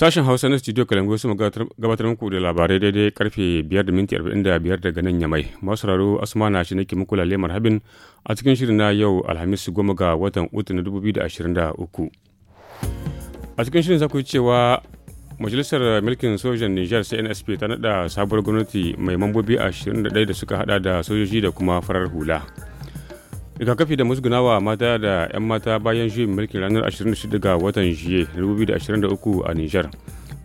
Sashen Hausa na Studio Kalangu su gabatar muku da labarai daidai karfe 5:45 daga nan yamai. Masu raro Asmana shi nake muku lalle marhabin a cikin shirin na yau Alhamis goma ga watan Uku na 2023. A cikin shirin za yi cewa Majalisar Mulkin Sojan Nijar nsp ta nada sabuwar gwamnati mai mambobi 21 da suka hada da sojoji da kuma farar hula. rigakafi da musgunawa mata da 'yan mata bayan juyin mulkin ranar 26 ga watan juye 2023 a nijar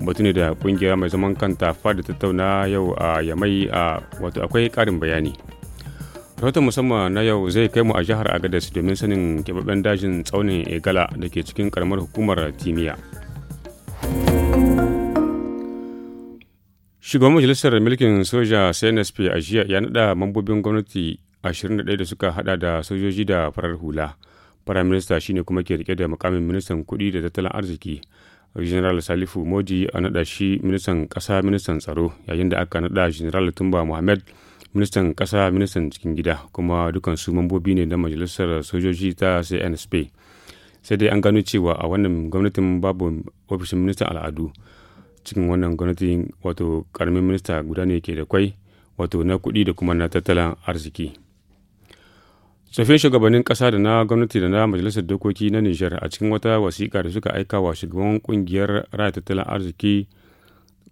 batu ne da kungiya mai zaman kanta fada tattauna yau a yamai a wato akwai karin bayani rahoton musamman na yau zai kai mu a jihar agadas domin sanin keɓaɓɓen dajin tsaunin egala da ke cikin karamar hukumar timiya shugaban majalisar mulkin soja cnsp a jiya ya naɗa mambobin gwamnati 21 da suka hada da sojoji da farar hula firaminista shine kuma ke rike da mukamin ministan kuɗi da tattalin arziki general salifu modi a naɗa shi ministan kasa ministan tsaro yayin da aka naɗa general tumba muhammad ministan kasa ministan cikin gida kuma dukansu mambobi ne na majalisar sojoji ta cnsp sai dai an gano cewa a wannan gwamnatin babu ofishin ministan al'adu cikin wannan gwamnatin wato ƙaramin minista guda ne ke da kwai wato na kuɗi da kuma na tattalin arziki. tsofin shugabannin kasa da na gwamnati da na majalisar dokoki na nijar a cikin wata wasiƙa da suka aika wa shugaban kungiyar raya tattalin arziki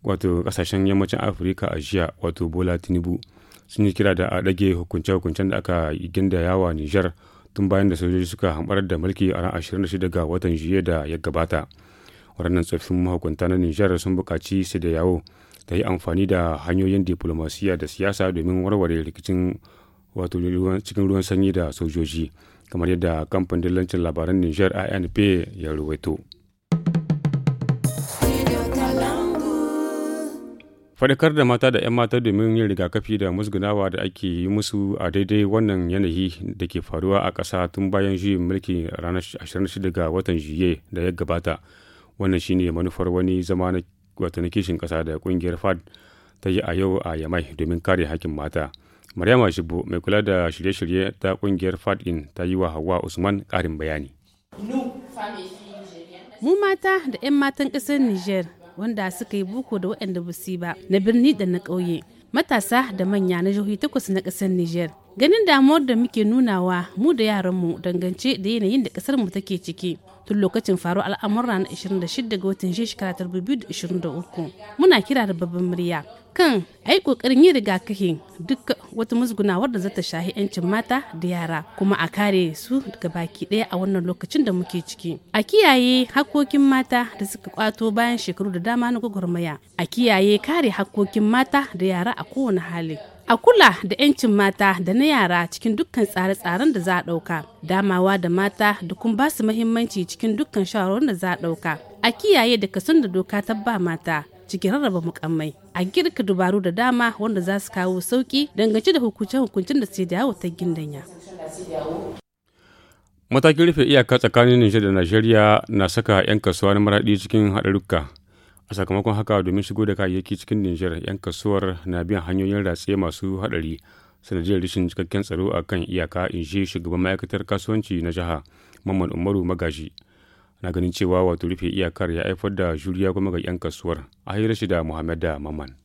wato kasashen yammacin afirka a jiya wato bola tinubu sun yi kira da a ɗage hukunce-hukuncen da aka ginda yawa nijar tun bayan da sojoji suka hamɓar da mulki a ran 26 ga watan juye da ya gabata waɗannan tsoffin mahukunta na nijar sun buƙaci su da yawo ta yi amfani da hanyoyin diplomasiya da siyasa domin warware rikicin wato cikin ruwan sanyi da sojoji kamar yadda kamfanin dillancin labaran Nijar INP ya ruwaito. faɗakar da mata da 'yan mata domin yin rigakafi da musgunawa da ake yi musu a daidai wannan yanayi da ke faruwa a ƙasa tun bayan juyin mulki ranar 26 ga watan juye da ya gabata wannan shine manufar wani zama na kishin ƙasa da ƙungiyar fad ta yi a yau a yamai domin kare hakkin mata. Maryama Shibo mai kula da shirye-shirye ta kungiyar FADIN ta yi wa Hauwa Usman karin bayani. Mu mata da 'yan matan ƙasar Nijar wanda suka yi buko da waɗanda ba su ba na birni da na ƙauye matasa da manya na jihohi takwas na ƙasar Nijar ganin damuwar da muke nunawa mu da yaranmu dangance da yanayin da kasar mu take ciki tun lokacin faru al'amurra na 26 ga watan shekara 2023 muna kira da babban murya kan yi kokarin yin rigakafi duk wata musgunawar da zata shahi yancin mata da yara kuma a kare su daga baki ɗaya a wannan lokacin da muke ciki a kiyaye hakkokin mata da suka kwato bayan shekaru da dama na gwagwarmaya a kiyaye kare hakkokin mata da yara a kowane hali a kula da 'yancin mata da na yara cikin dukkan tsare-tsaren da za a ɗauka damawa da mata da kuma ba su mahimmanci cikin dukkan shawarwarin da za a ɗauka a kiyaye da kasan da doka ta ba mata cikin rarraba mukammai a girka dubaru da dama wanda za su kawo sauki dangance da hukuncin da sai da ta gindanya matakin rufe iyaka tsakanin nijar da najeriya na saka 'yan kasuwa na maraɗi cikin haɗarurruka a sakamakon haka domin shigo da kayayyaki cikin nijar 'yan kasuwar na biyan hanyoyin ratse masu haɗari sanadiyar rashin cikakken tsaro a kan iyaka in shi shugaban ma'aikatar kasuwanci na jiha mamman umaru magaji na ganin cewa wato rufe iyakar ya haifar da juriya kuma ga 'yan kasuwar a hira shi da muhammad da mamman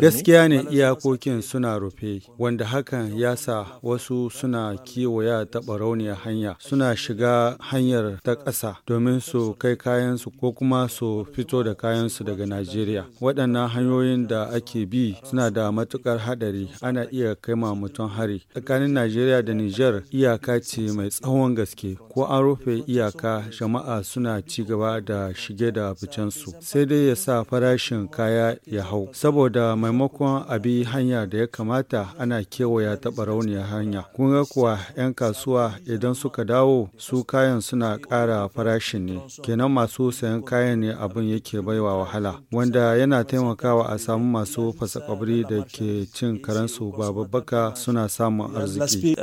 Gaskiya ne iyakokin suna rufe, wanda hakan ya sa wasu suna kewaya ta barauniyar hanya, suna shiga hanyar ta ƙasa domin su kai kayansu ko kuma su fito da kayansu daga Najeriya. Waɗannan hanyoyin da ake bi suna da matuƙar haɗari, ana iya kai ma mutum hari. Tsakanin Najeriya da Nijar iyaka ce mai tsawon gaske, ko an rufe iyaka jama'a suna ci gaba da shige da ficensu. Sai dai ya sa farashin kaya ya hau saboda maimakon abi hanya da ya kamata ana kewaya ta barauniyar hanya kun kuwa 'yan kasuwa idan suka dawo su kayan suna ƙara farashin ne kenan masu sayan kayan ne abin yake baiwa wahala wanda yana taimakawa a samu masu fasakabri da ke cin karansu ba babbaka suna samun arziki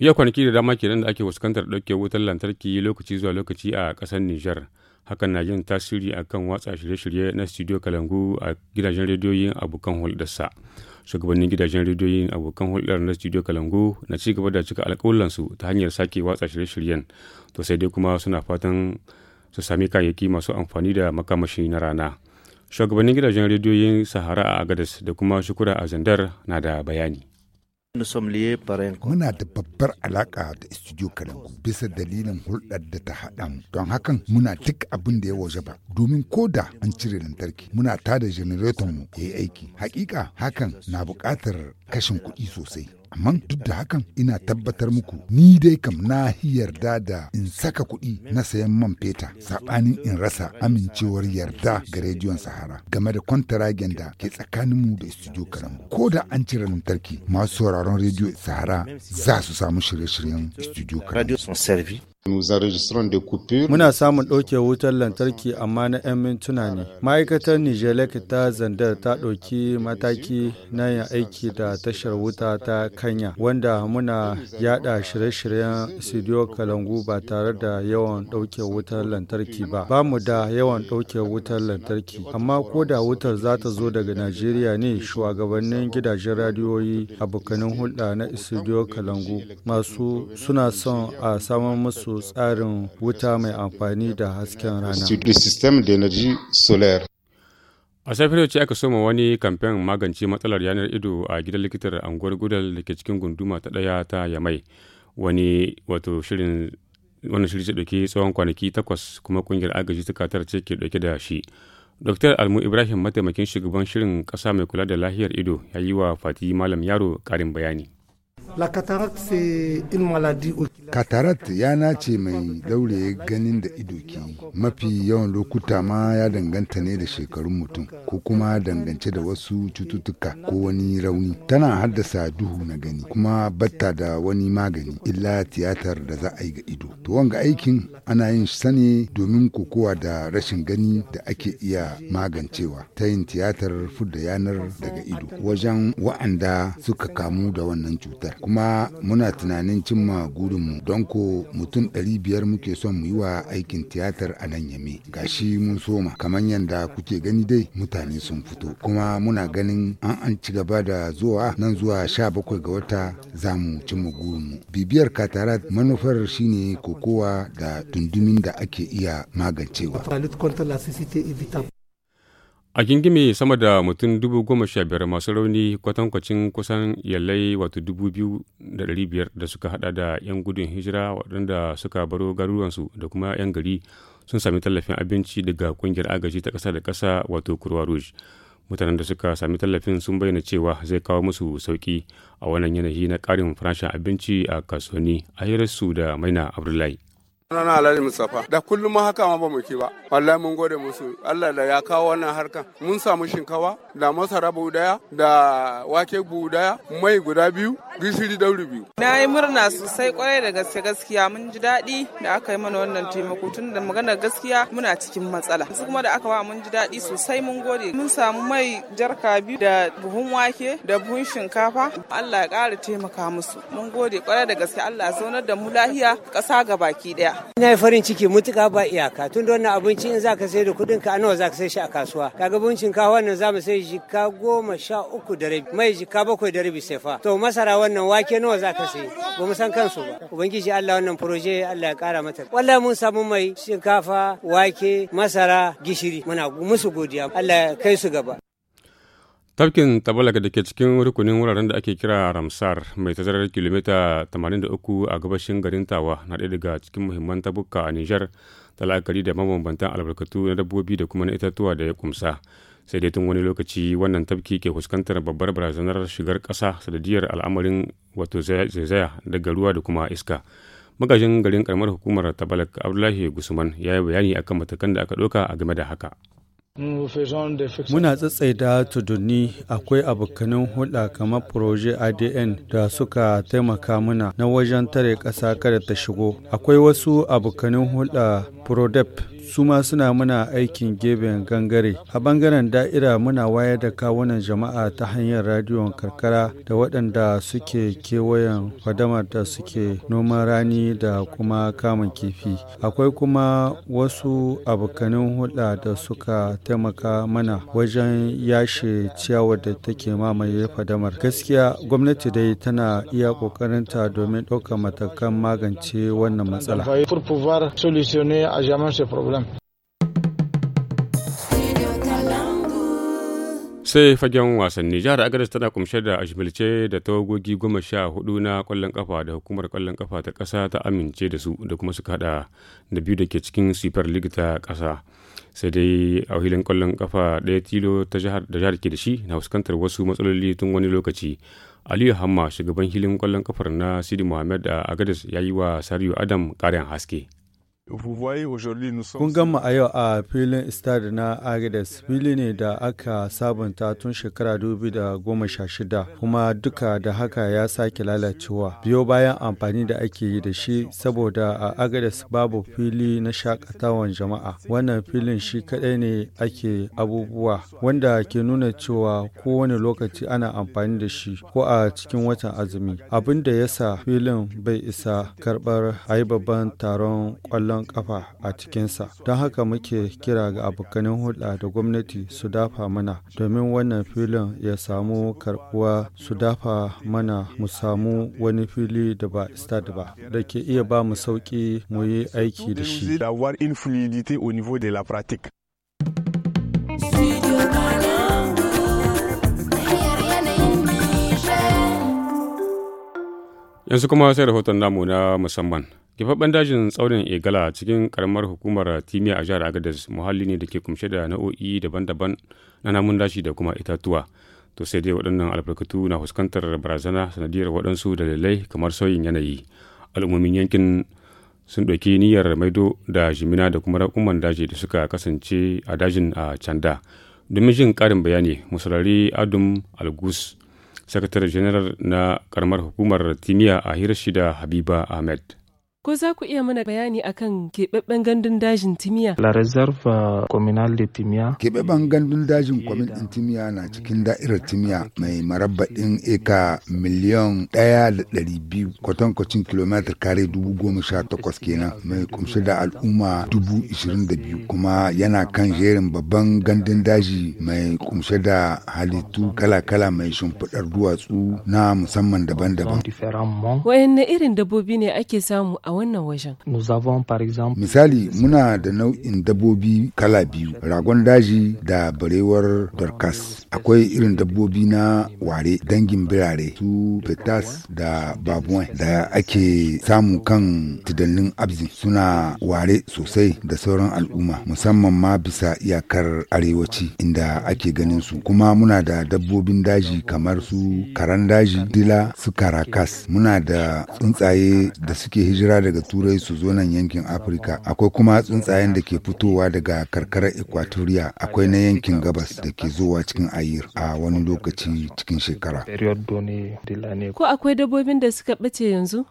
iya kwanaki da dama kenan da ake fuskantar ɗauke wutar lantarki lokaci zuwa lokaci a ƙasar nijar hakan na yin tasiri a kan watsa shirye-shirye na studio kalangu a gidajen rediyoyin abokan hulɗarsa shugabannin gidajen rediyoyin abokan hulɗar na studio kalangu na ci gaba da cika alƙawulansu ta hanyar sake watsa shirye-shiryen to sai dai kuma suna fatan su sami kayayyaki masu amfani da makamashi na rana shugabannin gidajen rediyoyin sahara a agadas da kuma shukura a zandar na da bayani Muna da babbar alaƙa da Studio Kalangu bisa dalilin hulɗar da ta haɗa mu. Don hakan muna duk abin da ya waje ba. Domin ko da an cire lantarki muna tada da mu ya yi aiki. Hakika hakan na buƙatar kashin kuɗi sosai. amma duk da hakan ina tabbatar muku ni dai kam na yarda da in saka kuɗi na sayan man feta saɓanin in rasa amincewar yarda ga rediyon sahara game da kwantaragen da ke tsakaninmu da studio karamu ko da an cire lantarki masu sauraron rediyo sahara za su samu shirye-shiryen studio karamu. Muna samun ɗauke wutar lantarki amma na 'yan mintuna ne. Ma'aikatar Nijelek ta zandar ta ɗauki mataki na yin aiki da tashar wuta ta Kanya, wanda muna yada shirye-shiryen studio Kalangu ba tare da yawan ɗauke wutar lantarki ba. Ba mu da yawan ɗauke wutar lantarki, amma ko da wutar za ta zo daga Najeriya ne shugabannin gidajen radiyoyi abokanin hulɗa na studio Kalangu masu suna son a samar musu su tsarin wuta mai amfani da hasken rana. A safiyar ce aka soma wani kamfen magance matsalar yanar ido a gidan likitar anguwar gudal da ke cikin gunduma ta ɗaya ta Yamai. Wani wato shirin wannan shirin ce ɗauki tsawon kwanaki takwas kuma ƙungiyar agaji ta katar ce ke ɗauke da shi. Dr. Almu Ibrahim mataimakin shugaban shirin kasa mai kula da lahiyar ido ya yi wa Fati Malam Yaro ƙarin bayani. La cataracte c'est une maladie Katarat ya nace mai daure ganin da ido ke Mafi yawan lokuta ma ya danganta ne da shekarun mutum ko kuma dangance da wasu cututtuka ko wani rauni. Tana haddasa duhu na gani kuma batta da wani magani illa tiyatar da za a yi ga ido. To wanga aikin ana yin sani domin kokowa da rashin gani da ake iya magancewa ta yin tiyatar fudda yanar daga ido wajen wa'anda suka kamu da wannan cutar. kuma muna tunanin cimma gurinmu don ko mutum 500 muke son mu yi wa aikin tiyatar a nan yame shi mun soma kamar yadda kuke gani dai mutane sun fito kuma muna ganin an an ci gaba da zuwa nan zuwa 17 ga wata za mu cimma gurinmu bibiyar katarat manufar shine kokowa da tundumin da ake iya magancewa A gingime sama da mutum dubu goma sha biyar masu rauni kwatankwacin kusan yallai wato dubu biyu da ɗari biyar da suka hada da 'yan gudun hijira waɗanda suka baro garuruwansu da kuma 'yan gari sun sami tallafin abinci daga ƙungiyar agaji ta ƙasa da ƙasa wato kurwa Rouge. Mutanen da suka sami tallafin sun bayyana cewa zai kawo musu sauƙi a wannan yanayi na ƙarin farashin abinci a kasuwanni a su da Maina Abdullahi. Sunana Alhaji Mustapha. Da kullum ma haka ma ba mu ke ba. Wallahi mun gode musu. Allah da ya kawo wannan harkan. Mun samu shinkawa da masara bu daya da wake bu daya mai guda biyu gishiri dauri biyu. Na yi murna sosai kwarai da gaske gaskiya mun ji daɗi da aka yi mana wannan taimako tun da maganar gaskiya muna cikin matsala. su kuma da aka ba mun ji daɗi sosai mun gode. Mun samu mai jarka biyu da buhun wake da buhun shinkafa. Allah ya ƙara taimaka musu. Mun gode kwarai da gaske Allah ya zaunar da mu lahiya ƙasa ga baki ɗaya. Ina yi farin ciki mutuka ba iyaka tun da wannan abinci in za ka sai da kudin ka nawa za ka sai shi a kasuwa. Kaga buncin ka wannan za mu sai jika goma sha uku da rabi mai jika bakwai da rabi sai To masara wannan wake nawa za ka sai ba mu san kansu ba. Ubangiji Allah wannan furoje Allah ya kara mata. Wallahi mun samu mai shinkafa wake masara gishiri muna musu godiya Allah ya kai su gaba. tafkin tabalak da ke cikin rukunin wuraren da ake kira ramsar mai tazarar kilomita 83 a gabashin garin tawa na ɗaya daga cikin muhimman tabuka a nijar ta la'akari da mabambantan albarkatu na dabbobi da kuma na itatuwa da ya kumsa sai dai tun wani lokaci wannan tafki ke fuskantar babbar barazanar shigar ƙasa sadadiyar al'amarin wato zaizaya daga ruwa da kuma iska magajin garin karamar hukumar tabalak abdullahi gusman ya yi bayani akan matakan da aka ɗauka a game da haka Muna da tudunni akwai abokanin hulɗa kamar Proje ADN da suka taimaka mana na wajen tare ƙasa kada ta shigo. Akwai wasu abokanin hulɗa Prodep su ma suna muna aikin geben gangare a bangaren da'ira muna wayar da kawunan jama'a ta hanyar radiyon karkara da waɗanda suke kewayen fadamar da suke noman rani da kuma kamun kifi akwai kuma wasu abokanin hulɗa da suka taimaka mana wajen yashe ciyawar da take mamaye fadamar gaskiya gwamnati dai tana iya ƙoƙarinta domin ɗaukar matakan magance wannan matsala sai fagen wasanni jihar agadas tana kumshe da ashbilce da tawagogi goma sha hudu na kwallon kafa da hukumar kwallon kafa ta kasa ta amince da su da kuma suka hada da biyu da ke cikin super league ta kasa sai dai a filin kwallon kafa daya tilo ta da jihar ke da shi na fuskantar wasu matsaloli tun wani lokaci aliyu hamma shugaban filin kwallon kafar na sidi muhammad a agadas ya yi wa sariyu adam karin haske Kun gama a yau a filin stade na Agades fili ne da aka sabunta tun shekara goma sha shida kuma duka da haka ya sake lalacewa biyo bayan amfani da ake yi da shi saboda a Agades babu fili na shakatawan jama'a. Wannan filin shi kadai ne ake abubuwa wanda ke nuna cewa kowane lokaci ana amfani da shi ko a cikin watan azumi. Abin da ya sa filin bai isa karbar a babban taron kwallon ƙwallon ƙafa a cikinsa. Don haka muke kira ga abokanin hulɗa da gwamnati su dafa mana domin wannan filin ya samu karbuwa su dafa mana mu samu wani fili da ba stad ba da ke iya ba mu sauƙi mu yi aiki da shi. yanzu kuma sai rahoton namu na musamman Keɓaɓɓen dajin tsaunin Egala cikin karamar hukumar Timiya a jihar Agadez muhalli ne da ke kumshe da nau'o'i daban-daban na namun dashi da kuma itatuwa. To sai dai waɗannan albarkatu na fuskantar barazana sanadiyar waɗansu dalilai kamar sauyin yanayi. Al'ummomin yankin sun ɗauki niyyar maido da jimina da kuma raƙuman daji da suka kasance a dajin a canda. Domin jin ƙarin bayani, musulari adum Algus, sakatare janar na ƙaramar hukumar Timiya a hirar shida Habiba Ahmed. Ko za ku iya mana bayani akan keɓaɓɓen gandun dajin Timiya? La Reserve uh, Communal de Timiya. Keɓaɓɓen gandun dajin kwamin ɗin Timiya na cikin da'irar Timiya mai marabbaɗin eka miliyan ɗaya da ɗari biyu kwatankwacin kilomita kare dubu goma sha takwas kenan mai kumshi da al'umma dubu ishirin da biyu kuma yana kan jerin babban gandun daji mai kumshi da halittu kala-kala mai shimfiɗar duwatsu na musamman daban-daban. Wayanne irin dabbobi ne ake samu a a wannan wajen. Misali muna da nau'in dabbobi kala biyu, ragon daji da barewar dorkas. Akwai irin dabbobi na ware dangin birare su petas da babuwan da ake samu kan tidannin abzi suna ware sosai da sauran al'umma musamman ma bisa iyakar arewaci inda ake ganin su kuma muna da dabbobin daji kamar su karan daji dila su karakas muna da tsuntsaye da suke hijira daga turai su zo nan yankin afirka akwai kuma tsuntsayen da ke fitowa daga karkarar equatoria akwai na yankin gabas da ke zuwa cikin ayir a wani lokaci cikin shekara ko akwai dabbobin da suka bace yanzu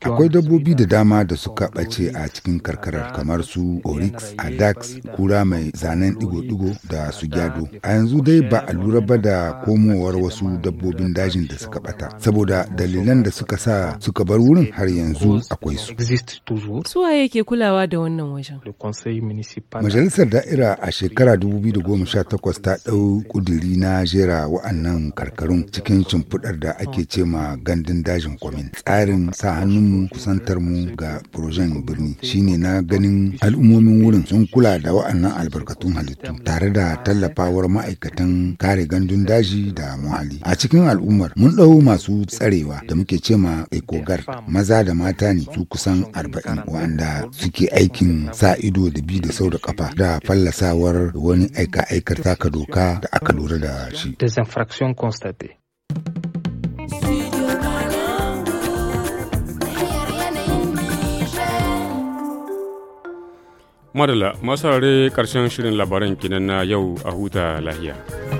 akwai dabbobi da dama da suka bace a cikin karkarar kamar su oryx adax kura mai zanen digo-digo da su gyado a yanzu dai ba a lura ba da komowar wasu dabbobin dajin da suka bata saboda dalilan da suka sa suka bar wurin har yanzu akwai su. Suwaye ke kulawa da wannan wajen? Majalisar da'ira a shekara 2018 ta ɗau ƙuduri na jera wa'annan karkarun cikin shimfiɗar da ake ce ma gandun dajin kwamin. Tsarin sa hannunmu kusantarmu ga projen birni shine na ganin al'ummomin wurin sun kula da wa'annan albarkatun halittu tare da tallafawar ma'aikatan kare gandun daji da muhalli. A cikin al'ummar mun ɗau masu tsarewa da muke ce ma ekogar maza da mata ne su kusan arba'in waɗanda suke aikin sa ido da bi da sau da kafa da fallasawar wani aika-aikar taka doka da aka lura da shi. Madala, masu karshen shirin labaran kinan na yau a huta lahiya.